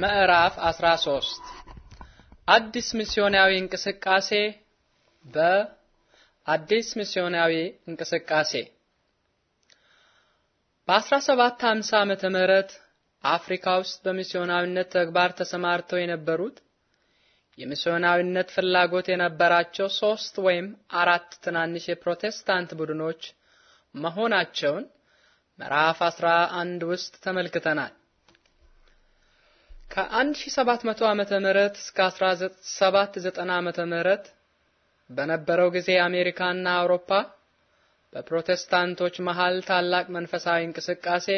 ምዕራፍ 13 አዲስ ሚስዮናዊ እንቅስቃሴ በአዲስ ሚስዮናዊ እንቅስቃሴ በ1750 ዓመተ ምህረት አፍሪካ ውስጥ በሚስዮናዊነት ተግባር ተሰማርተው የነበሩት የሚስዮናዊነት ፍላጎት የነበራቸው ሶስት ወይም አራት ትናንሽ የፕሮቴስታንት ቡድኖች መሆናቸውን ምዕራፍ 11 ውስጥ ተመልክተናል። ከ1700 ዓመተ ምህረት እስከ 1790 ዓመተ ምህረት በነበረው ጊዜ አሜሪካና አውሮፓ በፕሮቴስታንቶች መሃል ታላቅ መንፈሳዊ እንቅስቃሴ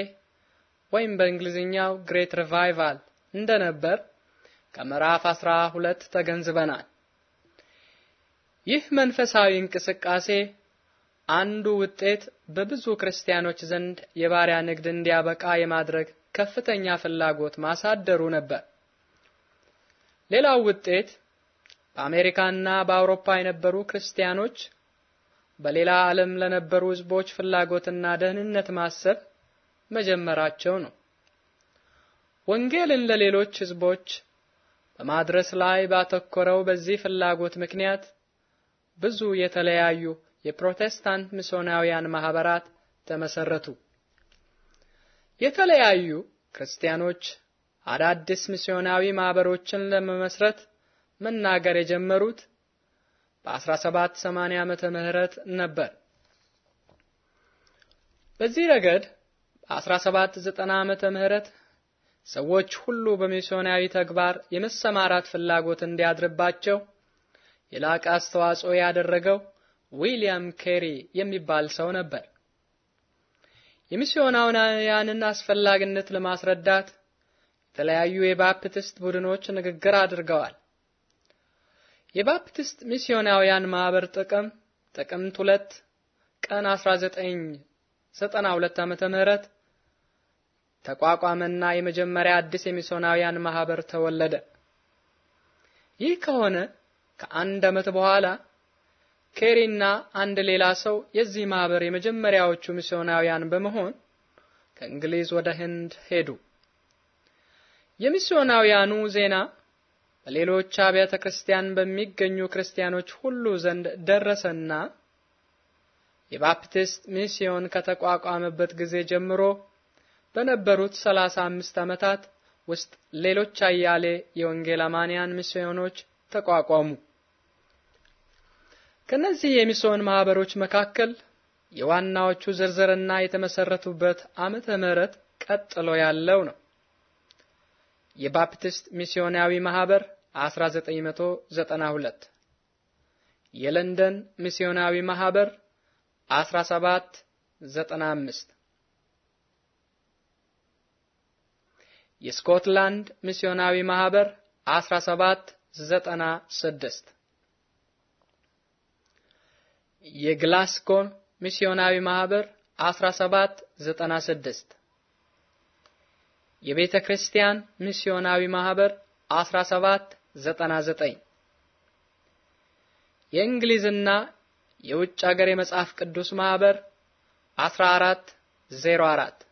ወይም በእንግሊዝኛው ግሬት ሪቫይቫል እንደነበር ከምዕራፍ 12 ተገንዝበናል። ይህ መንፈሳዊ እንቅስቃሴ አንዱ ውጤት በብዙ ክርስቲያኖች ዘንድ የባሪያ ንግድ እንዲያበቃ የማድረግ ከፍተኛ ፍላጎት ማሳደሩ ነበር። ሌላው ውጤት በአሜሪካና በአውሮፓ የነበሩ ክርስቲያኖች በሌላ ዓለም ለነበሩ ሕዝቦች ፍላጎትና ደህንነት ማሰብ መጀመራቸው ነው። ወንጌልን ለሌሎች ሕዝቦች በማድረስ ላይ ባተኮረው በዚህ ፍላጎት ምክንያት ብዙ የተለያዩ የፕሮቴስታንት ሚስዮናውያን ማህበራት ተመሰረቱ። የተለያዩ ክርስቲያኖች አዳዲስ ሚስዮናዊ ማህበሮችን ለመመስረት መናገር የጀመሩት በ1780 ዓመተ ምህረት ነበር። በዚህ ረገድ በ1790 ዓመተ ምህረት ሰዎች ሁሉ በሚስዮናዊ ተግባር የመሰማራት ፍላጎት እንዲያድርባቸው የላቀ አስተዋጽኦ ያደረገው ዊሊያም ኬሪ የሚባል ሰው ነበር። የሚስዮናውያንን አስፈላጊነት ለማስረዳት የተለያዩ የባፕቲስት ቡድኖች ንግግር አድርገዋል። የባፕቲስት ሚስዮናውያን ማህበር ጥቅም ጥቅምት 2 ቀን 1992 ዓመተ ምህረት ተቋቋመና የመጀመሪያ አዲስ የሚስዮናውያን ማህበር ተወለደ። ይህ ከሆነ ከአንድ ዓመት በኋላ ኬሪና አንድ ሌላ ሰው የዚህ ማህበር የመጀመሪያዎቹ ሚስዮናውያን በመሆን ከእንግሊዝ ወደ ህንድ ሄዱ። የሚስዮናውያኑ ዜና በሌሎች አብያተ ክርስቲያን በሚገኙ ክርስቲያኖች ሁሉ ዘንድ ደረሰና የባፕቲስት ሚስዮን ከተቋቋመበት ጊዜ ጀምሮ በነበሩት 35 ዓመታት ውስጥ ሌሎች አያሌ የወንጌል አማንያን ሚስዮኖች ተቋቋሙ። ከእነዚህ የሚስዮን ማህበሮች መካከል የዋናዎቹ ዝርዝርና የተመሰረቱበት ዓመተ ምህረት ቀጥሎ ያለው ነው። የባፕቲስት ሚስዮናዊ ማህበር 1992 የለንደን ሚስዮናዊ ማህበር 1795 የስኮትላንድ ሚስዮናዊ ማህበር 1796 የግላስጎ ሚስዮናዊ ማህበር 1796 የቤተ ክርስቲያን ሚስዮናዊ ማህበር 1799 የእንግሊዝና የውጭ ሀገር የመጽሐፍ ቅዱስ ማህበር 1404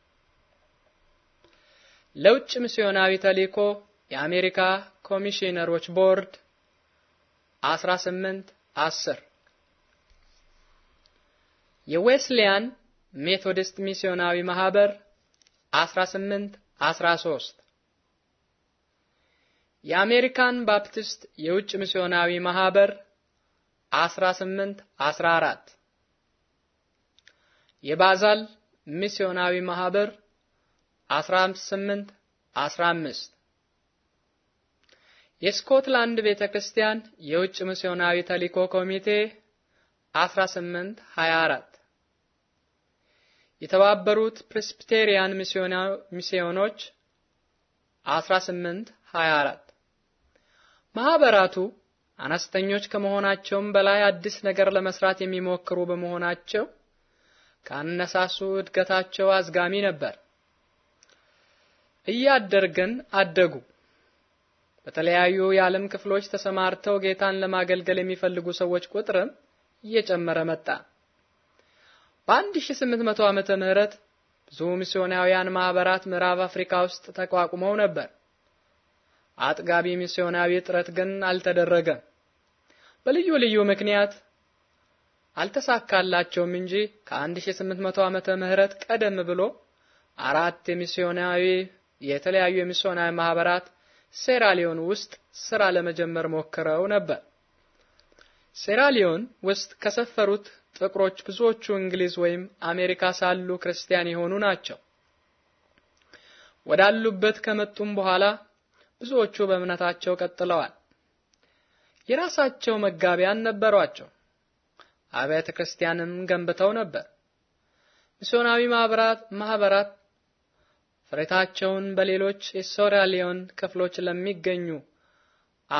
ለውጭ ሚስዮናዊ ተልእኮ የአሜሪካ ኮሚሽነሮች ቦርድ 18 10 የዌስሊያን ሜቶዲስት ሚስዮናዊ ማህበር 18 13 የአሜሪካን ባፕቲስት የውጭ ሚስዮናዊ ማህበር 18 14 የባዛል ሚስዮናዊ ማህበር 18 15 የስኮትላንድ ቤተክርስቲያን የውጭ ሚስዮናዊ ተልእኮ ኮሚቴ 18 24 የተባበሩት ፕሬስቢቴሪያን ሚስዮኖች 18 24 ማህበራቱ አነስተኞች ከመሆናቸውም በላይ አዲስ ነገር ለመስራት የሚሞክሩ በመሆናቸው ካነሳሱ እድገታቸው አዝጋሚ ነበር። እያደርገን አደጉ። በተለያዩ የዓለም ክፍሎች ተሰማርተው ጌታን ለማገልገል የሚፈልጉ ሰዎች ቁጥርም እየጨመረ መጣ። በ1800 ዓመተ ምህረት ብዙ ሚስዮናውያን ማህበራት ምዕራብ አፍሪካ ውስጥ ተቋቁመው ነበር። አጥጋቢ ሚስዮናዊ ጥረት ግን አልተደረገም። በልዩ ልዩ ምክንያት አልተሳካላቸውም እንጂ ከ1800 ዓመተ ምህረት ቀደም ብሎ አራት የሚስዮናዊ የተለያዩ የሚስዮናዊ ማህበራት ሴራሊዮን ውስጥ ስራ ለመጀመር ሞክረው ነበር። ሴራሊዮን ውስጥ ከሰፈሩት ጥቁሮች ብዙዎቹ እንግሊዝ ወይም አሜሪካ ሳሉ ክርስቲያን የሆኑ ናቸው። ወዳሉበት ከመጡም በኋላ ብዙዎቹ በእምነታቸው ቀጥለዋል። የራሳቸው መጋቢያን ነበሯቸው። አብያተ ክርስቲያንም ገንብተው ነበር። ሚስዮናዊ ማህበራት ማህበራት ፍሬታቸውን በሌሎች የሴራሊዮን ክፍሎች ለሚገኙ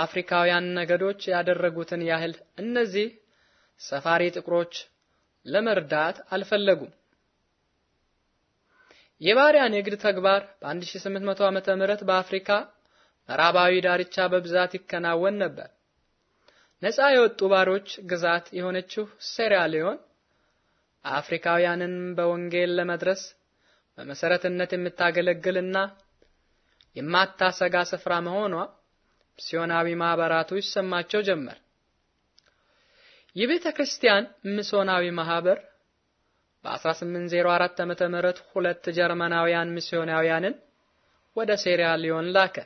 አፍሪካውያን ነገዶች ያደረጉትን ያህል እነዚህ ሰፋሪ ጥቁሮች ለመርዳት አልፈለጉም። የባሪያ ንግድ ተግባር በ1800 ዓመተ ምህረት በአፍሪካ ምዕራባዊ ዳርቻ በብዛት ይከናወን ነበር። ነፃ የወጡ ባሮች ግዛት የሆነችው ሴራሊዮን አፍሪካውያንን በወንጌል ለመድረስ በመሰረትነት የምታገለግልና የማታሰጋ ስፍራ መሆኗ ሲዮናዊ ማህበራቱ ይሰማቸው ጀመር። የቤተ ክርስቲያን ሚስዮናዊ ማህበር በ1804 ዓመተ ምህረት ሁለት ጀርመናውያን ሚስዮናውያንን ወደ ሴሪያ ሊዮን ላከ።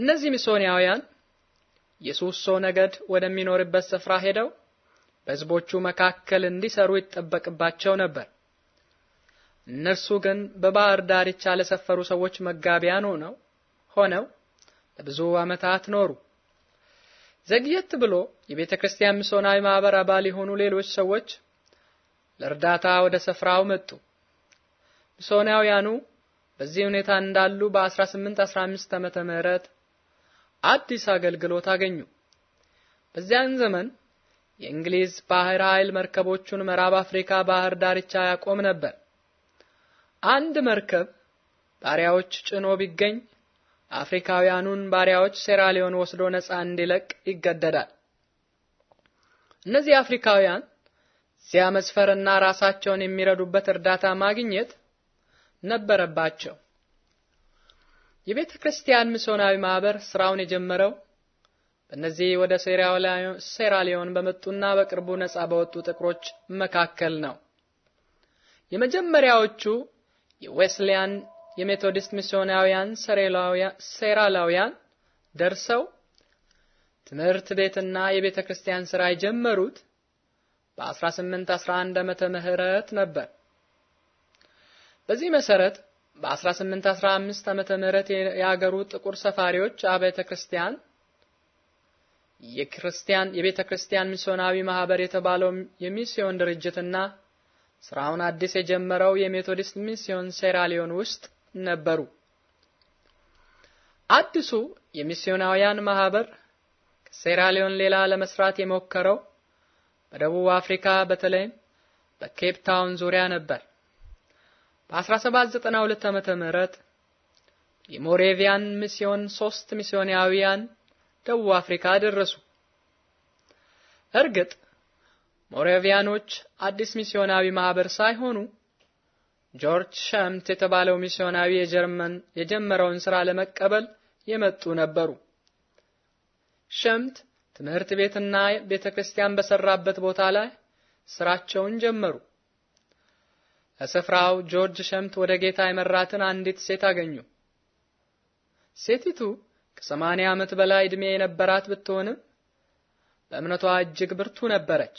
እነዚህ ሚስዮናውያን የሱሶ ነገድ ወደሚኖርበት ስፍራ ሄደው በህዝቦቹ መካከል እንዲሰሩ ይጠበቅባቸው ነበር። እነርሱ ግን በባህር ዳርቻ ለሰፈሩ ሰዎች መጋቢያን ሆነው ሆነው ለብዙ ዓመታት ኖሩ። ዘግየት ብሎ የቤተ ክርስቲያን ሚስዮናዊ ማህበር አባል የሆኑ ሌሎች ሰዎች ለእርዳታ ወደ ስፍራው መጡ። ሚስዮናውያኑ በዚህ ሁኔታ እንዳሉ በ1815 ዓመተ ምህረት አዲስ አገልግሎት አገኙ። በዚያን ዘመን የእንግሊዝ ባህር ኃይል መርከቦቹን ምዕራብ አፍሪካ ባህር ዳርቻ ያቆም ነበር። አንድ መርከብ ባሪያዎች ጭኖ ቢገኝ አፍሪካውያኑን ባሪያዎች ሴራሊዮን ወስዶ ነፃ እንዲለቅ ይገደዳል። እነዚህ አፍሪካውያን እዚያ መስፈርና ራሳቸውን የሚረዱበት እርዳታ ማግኘት ነበረባቸው። የቤተ ክርስቲያን ሚስዮናዊ ማህበር ስራውን የጀመረው በእነዚህ ወደ ሴራሊዮን በመጡና በቅርቡ ነፃ በወጡ ጥቁሮች መካከል ነው። የመጀመሪያዎቹ የዌስሊያን የሜቶዲስት ሚስዮናውያን ሴራላውያን ደርሰው ትምህርት ቤትና የቤተ ክርስቲያን ስራ የጀመሩት በ1811 ዓመተ ምህረት ነበር። በዚህ መሰረት በ1815 ዓመተ ምህረት የአገሩ ጥቁር ሰፋሪዎች አብያተ ክርስቲያን የክርስቲያን የቤተ ክርስቲያን ሚስዮናዊ ማህበር የተባለው የሚስዮን ድርጅትና ስራውን አዲስ የጀመረው የሜቶዲስት ሚስዮን ሴራሊዮን ውስጥ ነበሩ። አዲሱ የሚስዮናውያን ማህበር ከሴራሊዮን ሌላ ለመስራት የሞከረው በደቡብ አፍሪካ በተለይም በኬፕ ታውን ዙሪያ ነበር። በ1792 ዓመተ ምህረት የሞሬቪያን ሚስዮን ሶስት ሚስዮናውያን ደቡብ አፍሪካ ደረሱ። እርግጥ ሞሬቪያኖች አዲስ ሚስዮናዊ ማህበር ሳይሆኑ ጆርጅ ሸምት የተባለው ሚስዮናዊ የጀርመን የጀመረውን ስራ ለመቀበል የመጡ ነበሩ። ሸምት ትምህርት ቤትና ቤተክርስቲያን በሰራበት ቦታ ላይ ስራቸውን ጀመሩ። ለስፍራው ጆርጅ ሸምት ወደ ጌታ የመራትን አንዲት ሴት አገኙ። ሴቲቱ ከሰማንያ ዓመት በላይ እድሜ የነበራት ብትሆንም በእምነቷ እጅግ ብርቱ ነበረች።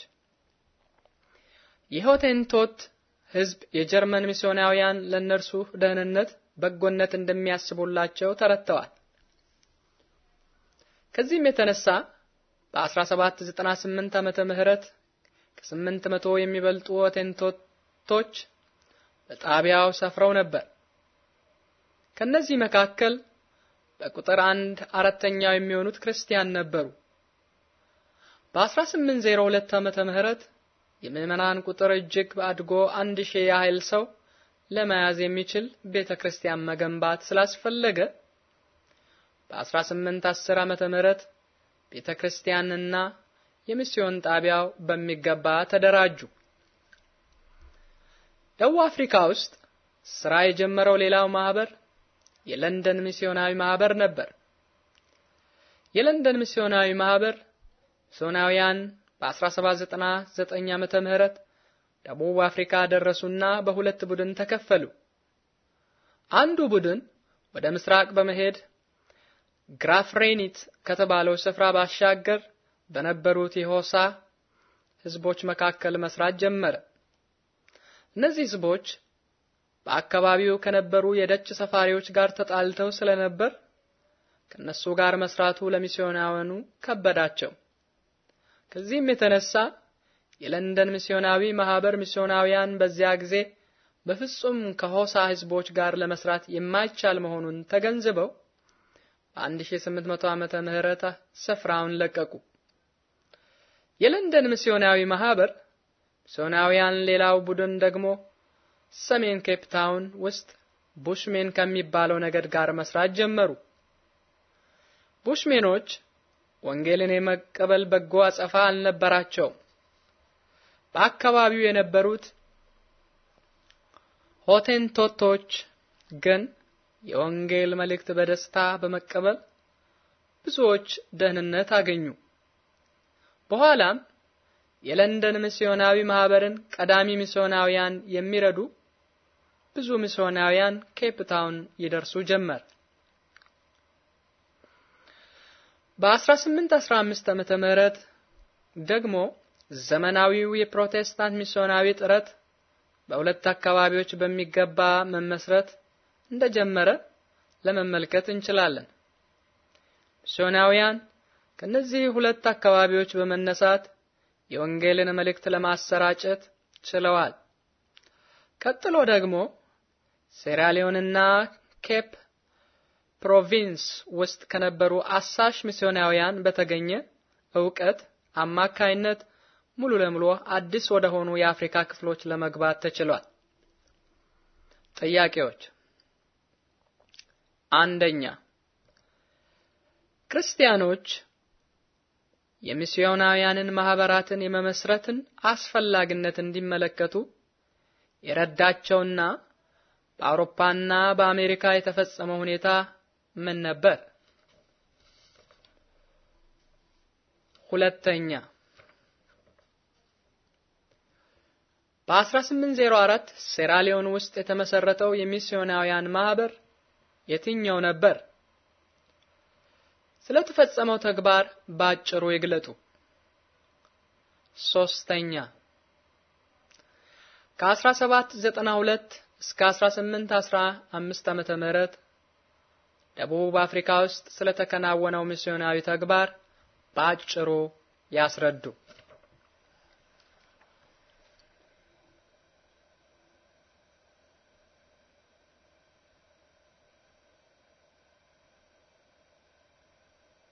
የሆቴንቶት ህዝብ የጀርመን ሚስዮናውያን ለእነርሱ ደህንነት በጎነት እንደሚያስቡላቸው ተረድተዋል። ከዚህም የተነሳ በ1798 ዓመተ ምህረት ከ መቶ የሚበልጡ ሆቴንቶቶች በጣቢያው ሰፍረው ነበር። ከነዚህ መካከል በቁጥር አንድ አራተኛው የሚሆኑት ክርስቲያን ነበሩ። በ1802 ዓመተ ምህረት የምዕመናን ቁጥር እጅግ አድጎ አንድ ሺህ ያህል ሰው ለመያዝ የሚችል ቤተ ክርስቲያን መገንባት ስላስፈለገ በ1810 ዓመተ ምህረት ቤተ ክርስቲያንና የሚስዮን ጣቢያው በሚገባ ተደራጁ። ደቡብ አፍሪካ ውስጥ ስራ የጀመረው ሌላው ማህበር የለንደን ሚስዮናዊ ማህበር ነበር። የለንደን ሚስዮናዊ ማህበር ሚስዮናውያን በ1799 ዓመተ ምህረት ደቡብ አፍሪካ ደረሱና በሁለት ቡድን ተከፈሉ። አንዱ ቡድን ወደ ምስራቅ በመሄድ ግራፍሬኒት ከተባለው ስፍራ ባሻገር በነበሩት የሆሳ ህዝቦች መካከል መስራት ጀመረ። እነዚህ ህዝቦች በአካባቢው ከነበሩ የደች ሰፋሪዎች ጋር ተጣልተው ስለነበር ከነሱ ጋር መስራቱ ለሚስዮናውያኑ ከበዳቸው። ከዚህም የተነሳ የለንደን ሚስዮናዊ ማህበር ሚስዮናውያን በዚያ ጊዜ በፍጹም ከሆሳ ህዝቦች ጋር ለመስራት የማይቻል መሆኑን ተገንዝበው በ1800 ዓመተ ምህረት ስፍራውን ለቀቁ። የለንደን ሚስዮናዊ ማህበር ሚስዮናውያን፣ ሌላው ቡድን ደግሞ ሰሜን ኬፕ ታውን ውስጥ ቡሽሜን ከሚባለው ነገድ ጋር መስራት ጀመሩ። ቡሽሜኖች ወንጌልን የመቀበል በጎ አጸፋ አልነበራቸው። በአካባቢው የነበሩት ሆቴንቶቶች ግን የወንጌል መልእክት በደስታ በመቀበል ብዙዎች ደህንነት አገኙ። በኋላም የለንደን ሚስዮናዊ ማህበርን ቀዳሚ ሚስዮናውያን የሚረዱ ብዙ ሚስዮናውያን ኬፕ ታውን ይደርሱ ጀመር። በ1815 ዓመተ ምህረት ደግሞ ዘመናዊው የፕሮቴስታንት ሚስዮናዊ ጥረት በሁለት አካባቢዎች በሚገባ መመስረት እንደጀመረ ለመመልከት እንችላለን። ሚስዮናውያን ከነዚህ ሁለት አካባቢዎች በመነሳት የወንጌልን መልእክት ለማሰራጨት ችለዋል። ቀጥሎ ደግሞ ሴራሊዮንና ኬፕ ፕሮቪንስ ውስጥ ከነበሩ አሳሽ ሚስዮናውያን በተገኘ እውቀት አማካይነት ሙሉ ለሙሉ አዲስ ወደ ሆኑ የአፍሪካ ክፍሎች ለመግባት ተችሏል። ጥያቄዎች፣ አንደኛ ክርስቲያኖች የሚስዮናውያንን ማህበራትን የመመስረትን አስፈላጊነት እንዲመለከቱ የረዳቸውና በአውሮፓና በአሜሪካ የተፈጸመው ሁኔታ ምን ነበር? ሁለተኛ በ1804 ሴራሊዮን ውስጥ የተመሰረተው የሚስዮናውያን ማህበር የትኛው ነበር? ስለተፈጸመው ተግባር ባጭሩ ይግለጡ። ሶስተኛ ከ1792 እስከ 1815 ዓ.ም ደቡብ አፍሪካ ውስጥ ስለተከናወነው ሚስዮናዊ ተግባር በአጭሩ ያስረዱ።